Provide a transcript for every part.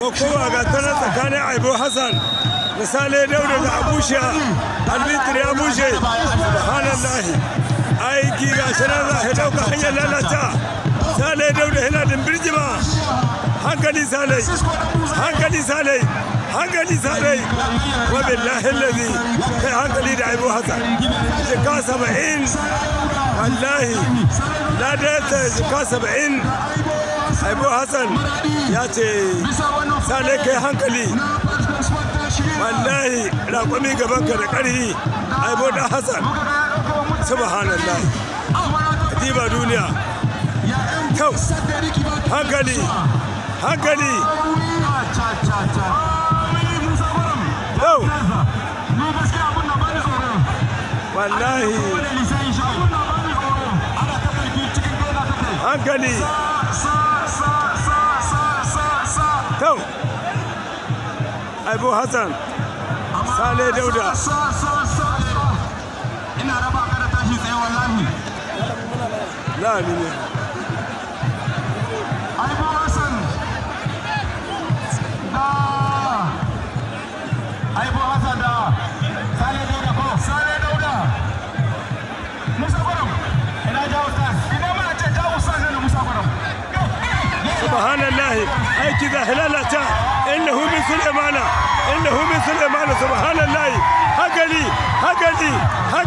kowa ga tana tsakanin aibu hassan misali dauda da abusha albitir ya bushe subhanallahi aiki ga shirar za a dauka hanyar lalata sale daure yana din birjima hankali sale hankali sale hankali sale wa billahi lazi kai hankali da aibu hassan jika saba'in wallahi ladata jika saba'in aibu hassan ya ce sale kai hankali wallahi raƙumi gabanka da ƙarhi aibu da hassan subhanallah diba duniya kyau hankali hankali yau wallahi hankali kyau aibu hassan sale dauda ina raba ka da tashi tsaye wallahi la'ani ne subhanallah aiki za hilalata innahu min sulaimana innahu min sulaimana subhanallah hagali da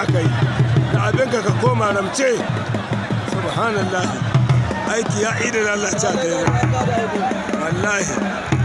aka yi da abinka ka subhanallah aiki ya idana Allah ta kai wallahi